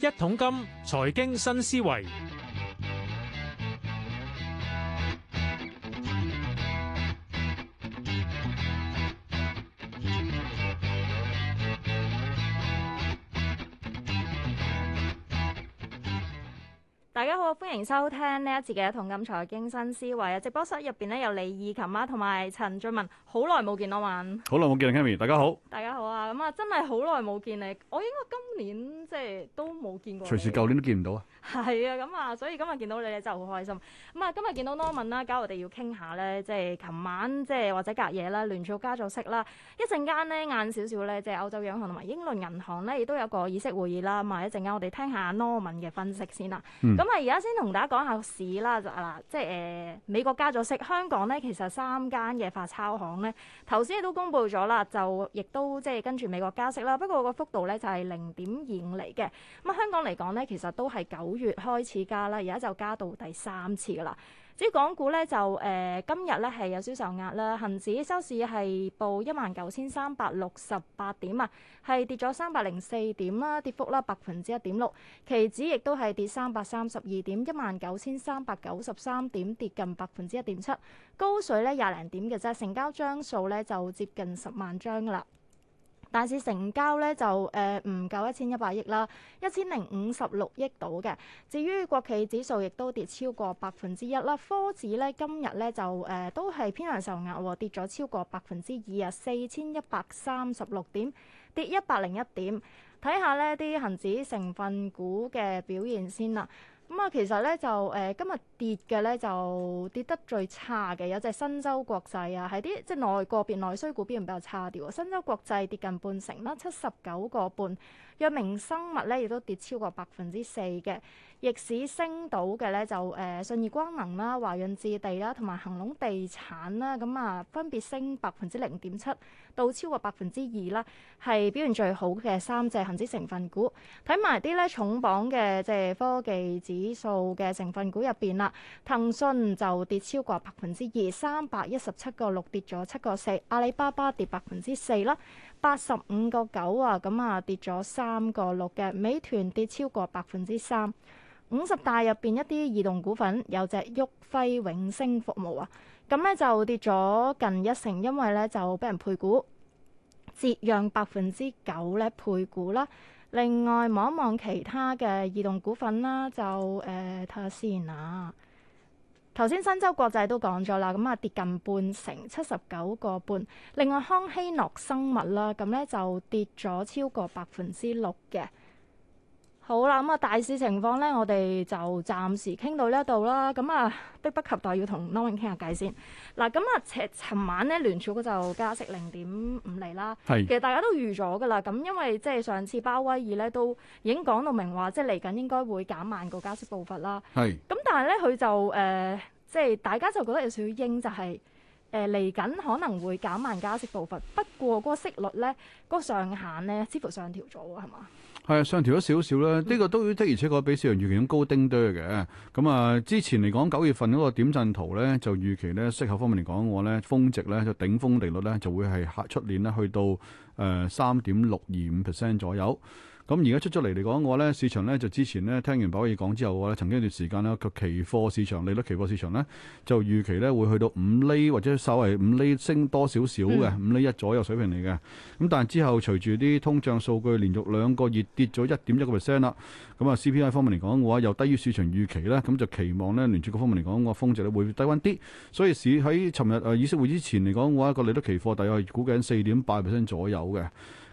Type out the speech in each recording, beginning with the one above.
一桶金，財經新思維。歡迎收聽呢一節嘅《同感財經新思維》啊！直播室入邊咧有李義琴啊，同埋陳俊文，好耐冇見啦，文。好耐冇見啦，Kami，大家好。大家好啊！咁啊，真係好耐冇見你。我應該今年即係都冇見過。隨時舊年都見唔到啊？係啊！咁啊，所以今日見到你咧就好開心。咁啊，今日見到 Norman 啦，搞我哋要傾下咧，即係琴晚即係或者隔夜啦，聯儲加咗息啦，一陣間咧晏少少咧，即係歐洲央行同埋英倫銀行咧亦都有個議息會議啦。咁啊，一陣間我哋聽下 Norman 嘅分析先啦。咁啊、嗯，而家。先同大家講下市啦，就嗱，即係誒、呃、美國加咗息，香港咧其實三間嘅發鈔行咧，頭先都公佈咗啦，就亦都即係跟住美國加息啦，不過個幅度咧就係、是、零點二釐嘅。咁香港嚟講咧，其實都係九月開始加啦，而家就加到第三次啦。至於港股咧就誒、呃、今日咧係有銷售額啦，恒指收市係報一萬九千三百六十八點啊，係跌咗三百零四點啦，跌幅啦百分之一點六。期指亦都係跌三百三十二點，一萬九千三百九十三點，跌近百分之一點七。高水咧廿零點嘅啫，成交張數咧就接近十萬張啦。但係成交咧就誒唔夠一千一百億啦，一千零五十六億度嘅。至於國企指數亦都跌超過百分之一啦。科指咧今日咧就誒、呃、都係偏強受壓，跌咗超過百分之二啊，四千一百三十六點跌一百零一點。睇下呢啲恒指成分股嘅表現先啦。咁啊、嗯，其實咧就誒、呃，今日跌嘅咧就跌得最差嘅，有隻新洲國際啊，喺啲即係內個別內需股邊比較差啲喎，新洲國際跌近半成啦，七十九個半。藥明生物咧亦都跌超過百分之四嘅，逆市升到嘅咧就誒信義光能啦、華潤置地啦、同埋恒隆地產啦，咁啊分別升百分之零點七到超過百分之二啦，係表現最好嘅三隻恒指成分股。睇埋啲咧重磅嘅即係科技指數嘅成分股入邊啦，騰訊就跌超過百分之二，三百一十七個六跌咗七個四，阿里巴巴跌百分之四啦。八十五個九啊，咁啊跌咗三個六嘅，美團跌超過百分之三。五十大入邊一啲異動股份有隻旭輝永升服務啊，咁咧、啊、就跌咗近一成，因為咧就俾人配股，折讓百分之九咧配股啦。另外望一望其他嘅異動股份啦，就誒睇下先啊。頭先新洲國際都講咗啦，咁啊跌近半成，七十九個半。另外康希諾生物啦，咁咧就跌咗超過百分之六嘅。好啦，咁、嗯、啊，大市情況咧，我哋就暫時傾到呢一度啦。咁、嗯、啊，迫不及待要同俊文傾下偈先嗱。咁啊，其實尋晚咧，聯儲就加息零點五厘啦。是其實大家都預咗噶啦。咁因為即係、就是、上次鮑威爾咧都已經講到明話，即係嚟緊應該會減慢個加息步伐啦。咁是，但係咧佢就誒、呃，即係大家就覺得有少少應就係誒嚟緊可能會減慢加息步伐，不過嗰個息率咧，嗰、那個上限咧，似乎上調咗喎，係嘛？係啊，上調咗少少啦，呢、這個都的而且確比市場預期咁高丁多嘅。咁啊，之前嚟講九月份嗰個點陣圖咧，就預期咧，息口方面嚟講嘅話呢，嘅話咧峰值咧就頂峰利率咧就會係出年咧去到誒三點六二五 percent 左右。咁而家出咗嚟嚟講嘅話呢，市場呢就之前呢聽完鮑威爾講之後嘅話咧，曾經一段時間呢，佢期貨市場利率期貨市場呢，就預期呢會去到五厘或者稍為五厘升多少少嘅，五、嗯、厘一左右水平嚟嘅。咁但係之後隨住啲通脹數據連續兩個月跌咗一點一個 percent 啦，咁啊 CPI 方面嚟講嘅話又低於市場預期呢。咁就期望呢聯儲局方面嚟講嘅話，峰值咧會低溫啲。所以市喺尋日啊，議、呃、息會之前嚟講嘅話，個利率期貨大概估計四點八 percent 左右嘅。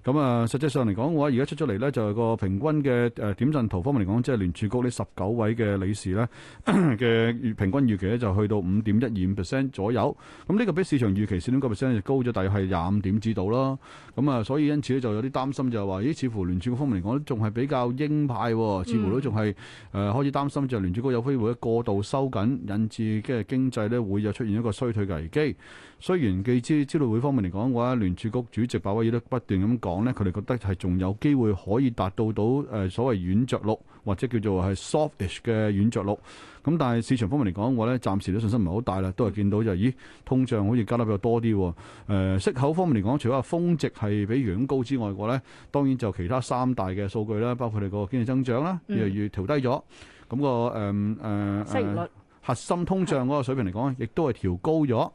咁啊，實際上嚟講嘅話，而家出咗嚟呢，就係個平均嘅誒點陣圖方面嚟講，即係聯儲局呢十九位嘅理事呢嘅平均預期呢，就去到五點一二五 percent 左右。咁、這、呢個比市場預期四點九 percent 就高咗，大約係廿五點至到啦。咁啊，所以因此咧就有啲擔心就，就係話咦，似乎聯儲局方面嚟講仲係比較鷹派，似乎都仲係誒開始擔心，就係聯儲局有機會過度收緊，引致嘅係經濟咧會有出現一個衰退嘅危機。雖然據知，招待會方面嚟講嘅話，聯儲局主席鮑威爾都不斷咁講。講咧，佢哋覺得係仲有機會可以達到到誒所謂軟着陸或者叫做係 softish 嘅軟着陸。咁但係市場方面嚟講，我咧暫時都信心唔係好大啦，都係見到就係、咦，通脹好似加得比較多啲。誒、呃、息口方面嚟講，除咗話峰值係比預高之外，我咧當然就其他三大嘅數據啦，包括你個經濟增長啦，越嚟越調低咗。咁、嗯那個誒誒息率核心通脹嗰個水平嚟講，亦都係調高咗。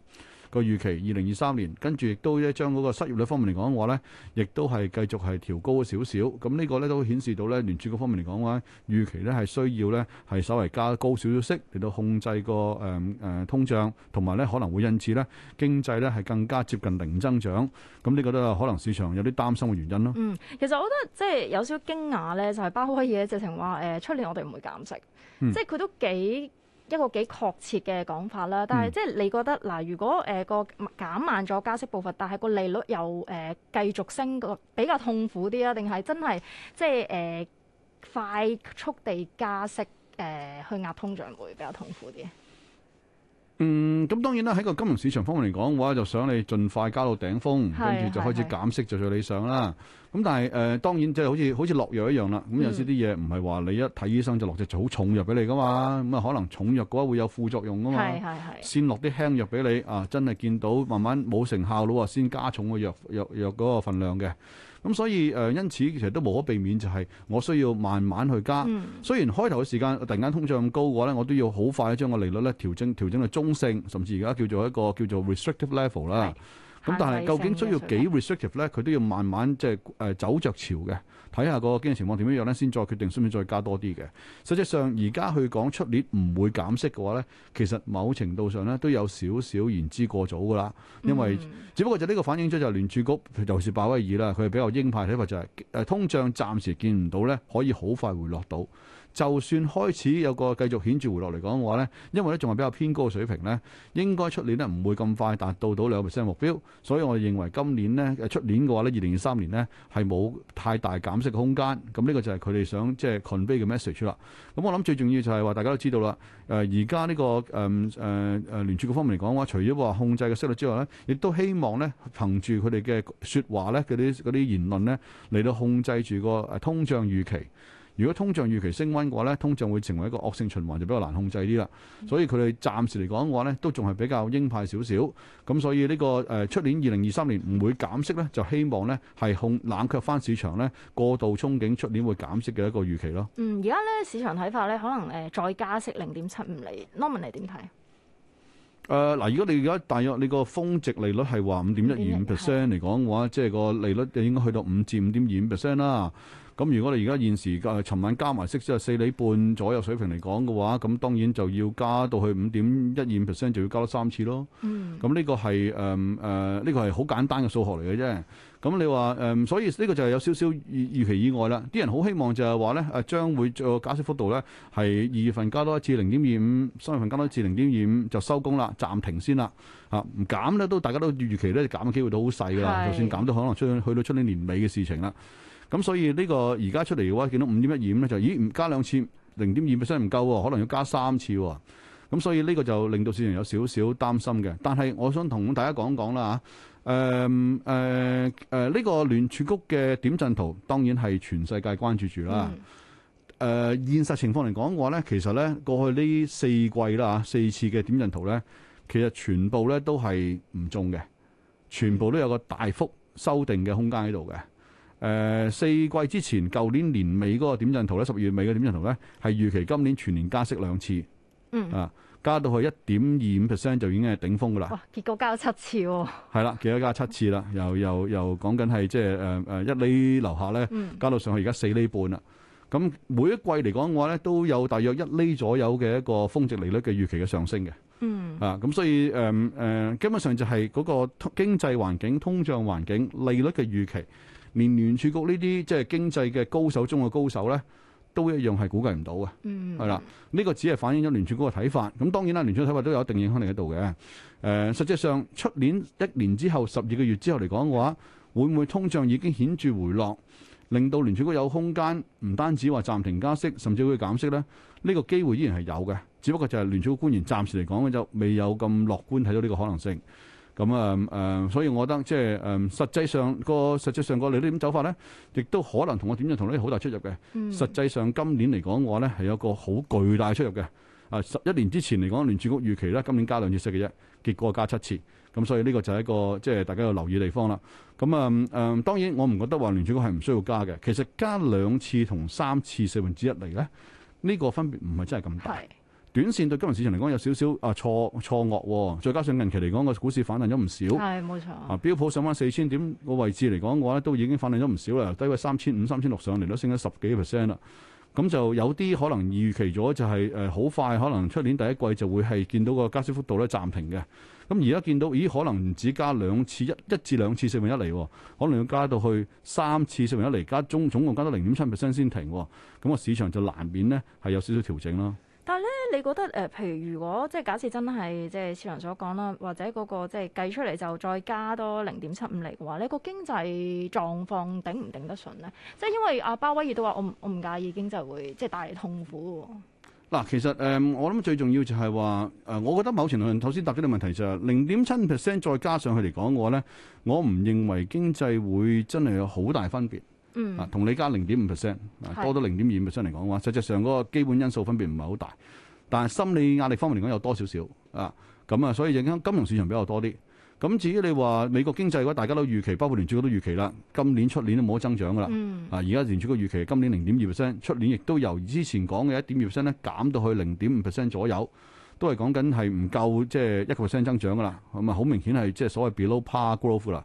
個預期二零二三年，跟住亦都咧將嗰個失業率方面嚟講嘅話咧，亦都係繼續係調高咗少少。咁呢個咧都顯示到咧聯儲局方面嚟講嘅話，預期咧係需要咧係稍微加高少少息嚟到控制個誒誒、嗯嗯嗯、通脹，同埋咧可能會因此咧經濟咧係更加接近零增長。咁你覺得可能市場有啲擔心嘅原因咯。嗯，其實我覺得即係有少驚訝咧，就係鮑威爾直情話誒出年我哋唔會減息，嗯、即係佢都幾。一個幾確切嘅講法啦，但係、嗯、即係你覺得嗱、呃，如果誒、呃、個減慢咗加息步伐，但係個利率又誒繼、呃、續升，個比較痛苦啲啊，定係真係即係誒、呃、快速地加息誒、呃、去壓通脹會比較痛苦啲？嗯，咁當然啦，喺個金融市場方面嚟講嘅話，就想你盡快加到頂峰，跟住的就開始減息，的就最理想啦。咁但係誒、呃，當然即係好似好似落藥一樣啦。咁有時啲嘢唔係話你一睇醫生就落隻好重藥俾你噶嘛，咁啊可能重藥嘅話會有副作用噶嘛。先落啲輕藥俾你啊，真係見到慢慢冇成效啦，先加重個藥藥藥嗰個份量嘅。咁所以誒、呃，因此其實都無可避免，就係、是、我需要慢慢去加。嗯、雖然開頭嘅時間突然間通脹咁高嘅話咧，我都要好快將個利率咧調整調整到中性，甚至而家叫做一個叫做 restrictive level 啦是。咁但係究竟需要幾 restrictive 咧？佢都要慢慢即係誒走着潮嘅。睇下個經濟情況點樣樣咧，先再決定需唔需要再加多啲嘅。實際上，而家去講出年唔會減息嘅話咧，其實某程度上咧都有少少言之過早㗎啦。因為、嗯、只不過就呢個反映咗就聯儲局，尤其是鮑威爾啦，佢係比較鷹派，睇法就係、是、誒通脹暫時見唔到咧，可以好快回落到。就算開始有個繼續顯著回落嚟講嘅話呢，因為呢仲係比較偏高嘅水平呢，應該出年呢唔會咁快達到到兩個 percent 目標，所以我認為今年呢，出年嘅話呢，二零二三年呢係冇太大減息嘅空間。咁呢個就係佢哋想即係 convey 嘅 message 啦。咁我諗最重要就係話大家都知道啦。誒而家呢個誒誒誒聯儲局方面嚟講嘅話，除咗話控制嘅息率之外呢，亦都希望呢，憑住佢哋嘅説話呢，嗰啲嗰啲言論呢，嚟到控制住個通脹預期。如果通脹預期升溫嘅話咧，通脹會成為一個惡性循環，就比較難控制啲啦。嗯、所以佢哋暫時嚟講嘅話咧，都仲係比較鷹派少少。咁所以呢、呢個誒出、呃、年二零二三年唔會減息咧，就希望咧係控冷卻翻市場咧過度憧憬出年會減息嘅一個預期咯。嗯，而家咧市場睇法咧，可能誒、呃、再加息零點七五厘，Norman 你點睇？誒嗱、呃，如果你而家大約你個峰值利率係話五點一二五 percent 嚟講嘅話，即係個利率應該去到五至五點二五 percent 啦。咁如果你而家現時誒，尋、呃、晚加埋息就四厘半左右水平嚟講嘅話，咁當然就要加到去五點一二五 percent，就要加多三次咯。咁呢、嗯、個係誒誒，呢、呃呃呢個係好簡單嘅數學嚟嘅啫。咁你話誒、呃，所以呢個就係有少少預預期意外啦。啲人好希望就係話呢，誒，將會做加息幅度呢，係二月份加多一次零點二五，三月份加多一次零點二五就收工啦，暫停先啦。嚇、啊、唔減呢，都大家都預期呢減嘅機會都好細㗎啦。是就算減都可能出去，去到出年年尾嘅事情啦。咁、嗯、所以呢個而家出嚟嘅話，見到五點一五咧，就咦唔加兩次零點二 percent 唔夠喎，可能要加三次喎。咁、嗯、所以呢個就令到市場有少少擔心嘅。但係我想同大家講講啦嚇，誒誒呢個聯儲局嘅點陣圖當然係全世界關注住啦。誒、呃，現實情況嚟講嘅話咧，其實咧過去呢四季啦嚇四次嘅點陣圖咧，其實全部咧都係唔中嘅，全部都有個大幅修訂嘅空間喺度嘅。誒、呃，四季之前，舊年年尾嗰個點陣圖咧，十二月尾嗰個點陣圖咧，係預期今年全年加息兩次。嗯。啊，加到去一點二五 percent 就已經係頂峰噶啦。哇！結果加咗七次喎，哦。係啦，結果加七次啦，又又又講緊係即係誒誒一厘樓下咧，加到上去而家四厘半啦。咁每一季嚟講嘅話咧，都有大約一厘左右嘅一個峰值利率嘅預期嘅上升嘅。嗯。啊，咁所以誒誒，基、呃、本上就係嗰個經濟環境、通脹環境、利率嘅預期。連聯儲局呢啲即係經濟嘅高手中嘅高手呢，都一樣係估計唔到嘅。係啦、嗯，呢、這個只係反映咗聯儲局嘅睇法。咁當然啦，聯儲局睇法都有一定影響力喺度嘅。誒、呃，實際上出年一年之後，十二個月之後嚟講嘅話，會唔會通脹已經顯著回落，令到聯儲局有空間，唔單止話暫停加息，甚至會減息呢？呢、這個機會依然係有嘅，只不過就係聯儲局官員暫時嚟講嘅就未有咁樂觀睇到呢個可能性。咁啊，誒、嗯，所以我覺得即係誒、嗯，實際上、嗰個實際上個利率點走法咧，亦都可能同我點樣同啲好大出入嘅。嗯、實際上今年嚟講，嘅話咧係有個好巨大出入嘅。啊、呃，十一年之前嚟講，聯儲局預期咧今年加兩次息嘅啫，結果加七次。咁所以呢個就係一個即係大家要留意地方啦。咁啊，誒、嗯嗯，當然我唔覺得話聯儲局係唔需要加嘅。其實加兩次同三次四分之一嚟咧，呢、呢個分別唔係真係咁大。短線對金融市場嚟講有少少啊錯錯愕，哦，再加上近期嚟講個股市反彈咗唔少，係冇錯啊。標普上返四千點個位置嚟講嘅話，都已經反彈咗唔少啦。低位三千五、三千六上嚟都升咗十幾個 percent 啦。咁就有啲可能預期咗就係誒好快，可能出年第一季就會係見到個加息幅度咧暫停嘅。咁而家見到咦？可能唔止加兩次，一一至兩次四分一厘，哦，可能要加到去三次四分一厘，加中總共加到零點七 percent 先停，哦。咁、那個市場就難免咧係有少少調整啦。但係咧，你覺得誒、呃，譬如如果即係假設真係即係市場所講啦，或者嗰、那個即係計出嚟就再加多零點七五厘嘅話咧，個經濟狀況頂唔頂得順咧？即係因為阿鮑威爾都話我唔我唔介意經濟會即係帶嚟痛苦、哦。嗱，其實誒、呃，我諗最重要就係話誒，我覺得某程度上頭先答咗個問題就係零點七五 percent 再加上去嚟講嘅話咧，我唔認為經濟會真係有好大分別。啊，嗯、同你加零點五 percent，多咗零點二 percent 嚟講嘅話，是實際上嗰個基本因素分別唔係好大，但係心理壓力方面嚟講有多少少啊，咁啊，所以影響金融市場比較多啲。咁、啊、至於你話美國經濟嘅話，大家都預期，包括聯儲局都預期啦，今年出年都冇得增長噶啦。嗯、啊，而家聯儲局預期今年零點二 percent，出年亦都由之前講嘅一點二 percent 咧減到去零點五 percent 左右，都係講緊係唔夠即係一個 percent 增長噶啦，咁啊好明顯係即係所謂 below par growth 啦。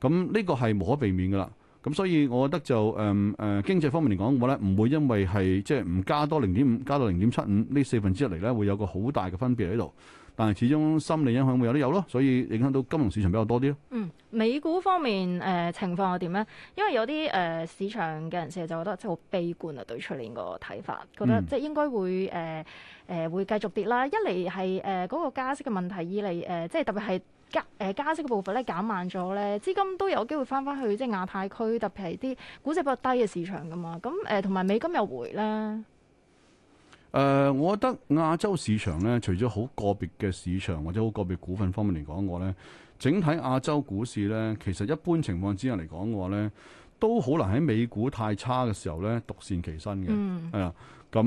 咁、這、呢個係無可避免噶啦。咁所以，我覺得就誒誒、嗯呃、經濟方面嚟講嘅話咧，唔會因為係即係唔加多零點五，加到零點七五呢四分之一嚟咧，會有個好大嘅分別喺度。但係始終心理影響會有啲有咯，所以影響到金融市場比較多啲咯。嗯，美股方面誒、呃、情況係點咧？因為有啲誒、呃、市場嘅人士就覺得即係好悲觀啊，對出年個睇法，覺得即係應該會誒誒、呃呃、會繼續跌啦。一嚟係誒嗰個加息嘅問題以，二嚟誒即係特別係。加誒、呃、加息嘅步伐咧減慢咗咧，資金都有機會返返去即係亞太區，特別係啲估值比較低嘅市場㗎嘛。咁誒同埋美金又回啦。誒、呃，我覺得亞洲市場咧，除咗好個別嘅市場或者好個別股份方面嚟講，我咧整體亞洲股市咧，其實一般情況之下嚟講嘅話咧，都好難喺美股太差嘅時候咧獨善其身嘅，係啦、嗯。咁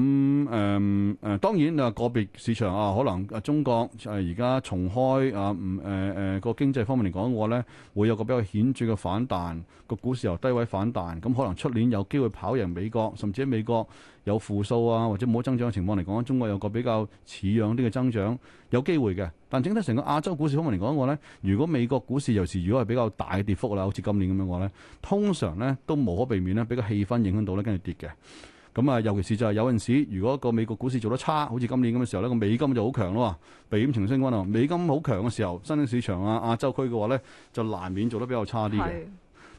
誒誒，當然啊，個別市場啊，可能、呃、啊，中國誒而家重開啊，唔誒誒個經濟方面嚟講嘅話咧，會有個比較顯著嘅反彈，個股市由低位反彈，咁、嗯、可能出年有機會跑贏美國，甚至喺美國有負數啊，或者冇增長嘅情況嚟講，中國有個比較似樣啲嘅增長，有機會嘅。但整體成個亞洲股市方面嚟講嘅話咧，如果美國股市尤其如果係比較大嘅跌幅啦，好似今年咁樣嘅話咧，通常咧都無可避免咧，畀個氣氛影響到咧，跟住跌嘅。咁啊、嗯，尤其是就係有陣時，如果個美國股市做得差，好似今年咁嘅時候呢，個美金就好強咯，避險情緒升溫啊，美金好強嘅時候，新興市場啊、亞洲區嘅話呢，就難免做得比較差啲嘅。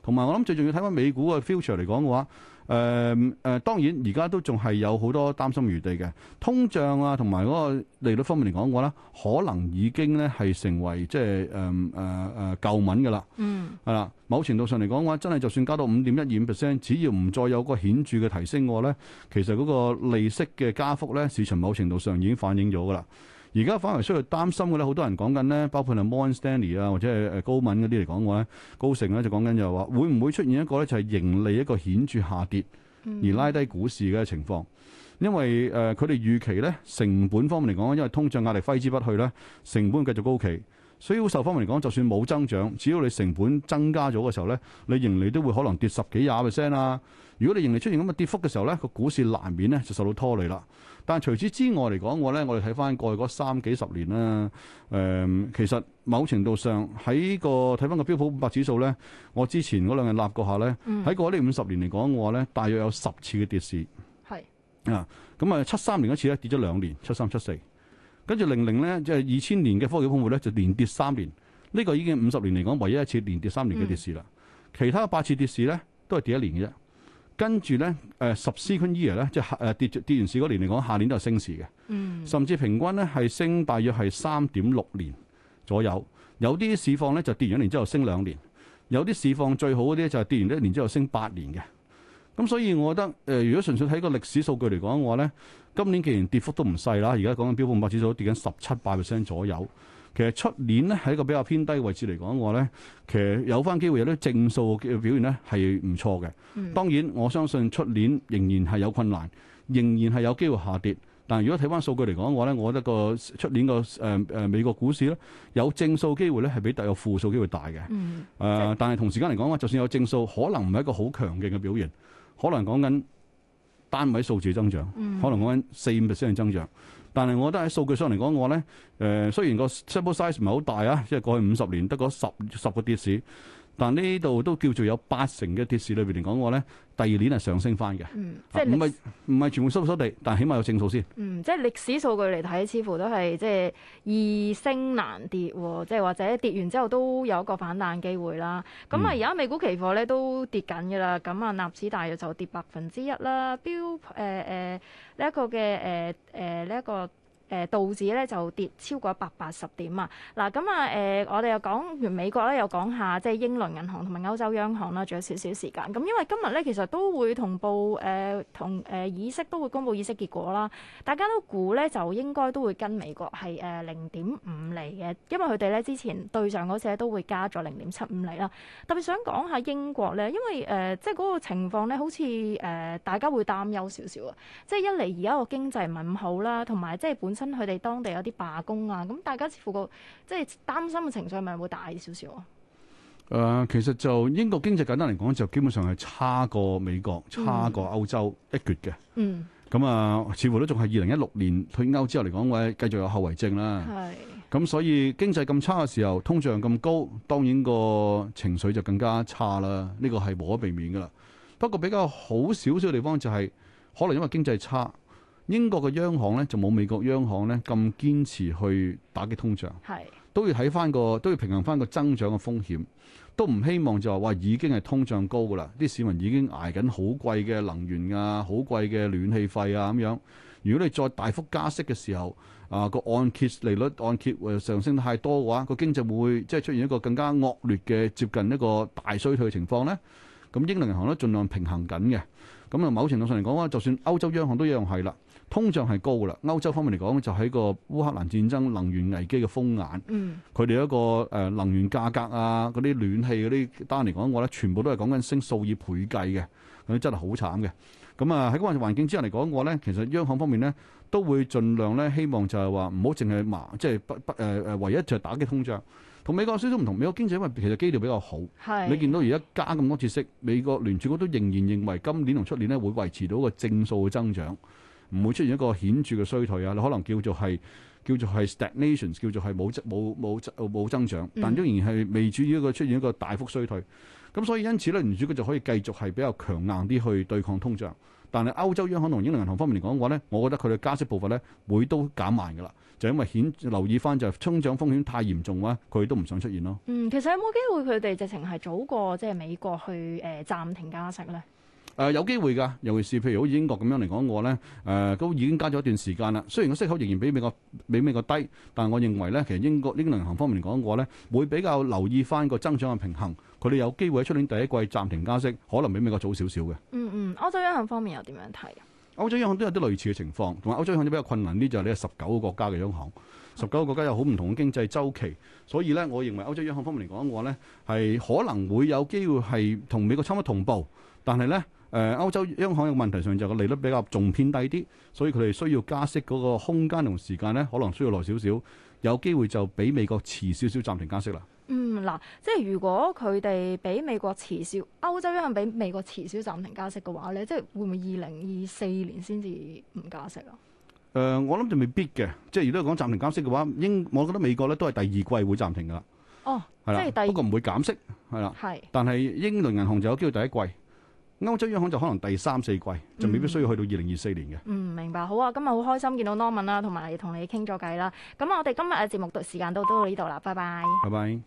同埋的我諗最重要睇返美股嘅 future 嚟講嘅話。誒誒、呃呃，當然而家都仲係有好多擔心餘地嘅通脹啊，同埋嗰個利率方面嚟講嘅話咧，可能已經咧係成為即係誒誒誒舊聞㗎啦。嗯，係啦，某程度上嚟講嘅話，真係就算加到五點一二五 percent，只要唔再有個顯著嘅提升嘅話咧，其實嗰個利息嘅加幅咧，市場某程度上已經反映咗㗎啦。而家反而需要擔心嘅咧，好多人講緊咧，包括係 Morgan Stanley 啊，或者係誒高敏嗰啲嚟講嘅話咧，高盛咧就講緊就係話，會唔會出現一個咧就係、是、盈利一個顯著下跌，而拉低股市嘅情況？因為誒佢哋預期咧成本方面嚟講，因為通脹壓力揮之不去咧，成本繼續高企，所以好售方面嚟講，就算冇增長，只要你成本增加咗嘅時候咧，你盈利都會可能跌十幾廿 percent 啦。如果你仍然出現咁嘅跌幅嘅時候咧，個股市難免咧就受到拖累啦。但係除此之外嚟講，我咧我哋睇翻過去嗰三幾十年啦。誒、呃，其實某程度上喺個睇翻個標普五百指數咧，我之前嗰兩日立過下咧，喺嗰、嗯、呢五十年嚟講嘅話咧，大約有十次嘅跌市係是啊。咁啊，七三年嗰次咧跌咗兩年，七三七四，跟住零零咧，即係二千年嘅科技泡沫咧，就連跌三年。呢、呢個已經五十年嚟講，唯一一次連跌三年嘅跌市啦。嗯、其他八次跌市咧，都係跌一年嘅啫。跟住咧，誒 subsequent year 咧，即係誒跌跌完市嗰年嚟講，下年都係升市嘅。嗯，甚至平均咧係升大約係三點六年左右。有啲市況咧就跌完一年之後升兩年，有啲市況最好嗰啲就係跌完一年之後升八年嘅。咁所以，我覺得誒、呃，如果純粹睇個歷史數據嚟講嘅話咧，今年既然跌幅都唔細啦，而家講緊標普五百指數都跌緊十七八 percent 左右。其實出年咧喺一個比較偏低嘅位置嚟講嘅話咧，其實有翻機會有啲正數嘅表現咧係唔錯嘅。當然我相信出年仍然係有困難，仍然係有機會下跌。但係如果睇翻數據嚟講嘅話咧，我覺得個出年個誒誒美國股市咧有正數機會咧係比第個負數機會大嘅。誒、呃，但係同時間嚟講咧，就算有正數，可能唔係一個好強勁嘅表現，可能講緊。單位數字增長，嗯、可能講緊四五 percent 嘅增長。但係，我覺得喺數據上嚟講我呢，我咧誒，雖然個 sample size 唔係好大啊，即係過去五十年得嗰十十個跌市，但呢度都叫做有八成嘅跌市裏邊嚟講我呢，我咧。第二年係上升翻嘅，嗯啊、即係唔係唔係全部收收地，但起碼有正數先。嗯，即係歷史數據嚟睇，似乎都係即係易升難跌，即係或者跌完之後都有一個反彈機會啦。咁啊、嗯，而家美股期貨咧都跌緊㗎啦，咁啊納指大約就跌百分之一啦，標誒誒呢一個嘅誒誒呢一個。呃這個誒道指咧就跌超過一百八十點啊！嗱咁啊誒、啊，我哋又講完美國咧，又講下即係英倫銀行同埋歐洲央行啦，仲有少少時間。咁、啊、因為今日咧其實都會同步誒、呃、同誒、呃、議息都會公佈議息結果啦。大家都估咧就應該都會跟美國係誒零點五厘嘅，因為佢哋咧之前對上嗰次都會加咗零點七五厘啦。特別想講下英國咧，因為誒、呃、即係嗰個情況咧好似誒、呃、大家會擔憂少少啊！即係一嚟而家個經濟唔係咁好啦，同埋即係本。新佢哋當地有啲罷工啊，咁大家似乎個即係擔心嘅情緒，係咪會大少少啊？誒、呃，其實就英國經濟簡單嚟講，就基本上係差過美國、差過歐洲一橛嘅。嗯。咁啊、呃，似乎都仲係二零一六年退歐之後嚟講，我哋繼續有後遺症啦。係。咁所以經濟咁差嘅時候，通脹咁高，當然個情緒就更加差啦。呢個係無可避免㗎喇。不過比較好少少嘅地方就係，可能因為經濟差。英國嘅央行咧就冇美國央行咧咁堅持去打擊通脹，是都要睇翻個，都要平衡翻個增長嘅風險，都唔希望就話哇已經係通脹高㗎啦，啲市民已經捱緊好貴嘅能源啊、好貴嘅暖氣費啊咁樣。如果你再大幅加息嘅時候，啊個按揭利率按揭誒上升太多嘅話，個經濟會即係出現一個更加惡劣嘅接近一個大衰退嘅情況咧。咁英倫銀行都盡量平衡緊嘅。咁啊，某程度上嚟講啊，就算歐洲央行都一樣係啦。通脹係高啦。歐洲方面嚟講，就喺個烏克蘭戰爭、能源危機嘅風眼，佢哋、嗯、一個誒能源價格啊，嗰啲暖氣嗰啲單嚟講，我咧全部都係講緊升數以倍計嘅，咁真係好慘嘅。咁啊喺個環境之下嚟講，我咧其實央行方面咧都會盡量咧希望就係話唔好淨係麻，即係不、就是、不誒誒、呃、唯一就係打擊通脹。同美國有少少唔同，美國經濟因為其實基調比較好，是你見到而家加咁多設息，美國聯儲局都仍然認為今年同出年咧會維持到個正數嘅增長。唔會出現一個顯著嘅衰退啊！你可能叫做係叫做係 stagnation，叫做係冇增冇冇增長，但仍然係未至於一個出現一個大幅衰退。咁所以因此咧，聯儲佢就可以繼續係比較強硬啲去對抗通脹。但係歐洲央行同英倫銀行方面嚟講嘅話咧，我覺得佢哋加息步伐咧會都減慢嘅啦，就因為顯留意翻就係通脹風險太嚴重嘅話，佢都唔想出現咯。嗯，其實有冇機會佢哋直情係早過即係美國去誒暫停加息咧？誒、呃、有機會㗎，尤其是譬如好似英國咁樣嚟講嘅話咧，誒、呃、都已經加咗一段時間啦。雖然個息口仍然比美國比美國低，但我認為咧，其實英國英國銀行方面嚟講嘅話咧，會比較留意翻個增長嘅平衡。佢哋有機會喺出年第一季暫停加息，可能比美國早少少嘅。嗯嗯，歐洲央行方面又點樣睇？歐洲央行都有啲類似嘅情況，同埋歐洲央行都比較困難呢就係呢十九個國家嘅央行，十九個國家有好唔同嘅經濟周期，所以咧，我認為歐洲央行方面嚟講嘅話咧，係可能會有機會係同美國差唔多同步，但係咧。誒，歐洲央行嘅問題上就個利率比較仲偏低啲，所以佢哋需要加息嗰個空間同時間咧，可能需要耐少少，有機會就比美國遲少少暫停加息啦。嗯，嗱，即係如果佢哋比美國遲少，歐洲央行比美國遲少暫停加息嘅話咧，即係會唔會二零二四年先至唔加息啊？誒，我諗就未必嘅，即係如果講暫停加息嘅話，英，我覺得美國咧都係第二季會暫停噶啦。哦，係啦，即係第二，不過唔會減息，係啦，係，但係英倫銀行就有機會第一季。歐洲央行就可能第三四季就未必需要去到二零二四年嘅。嗯，明白。好啊，今日好開心見到 Norman 啦，同埋同你傾咗偈啦。咁我哋今日嘅節目到時間都到呢度啦，拜拜。拜拜。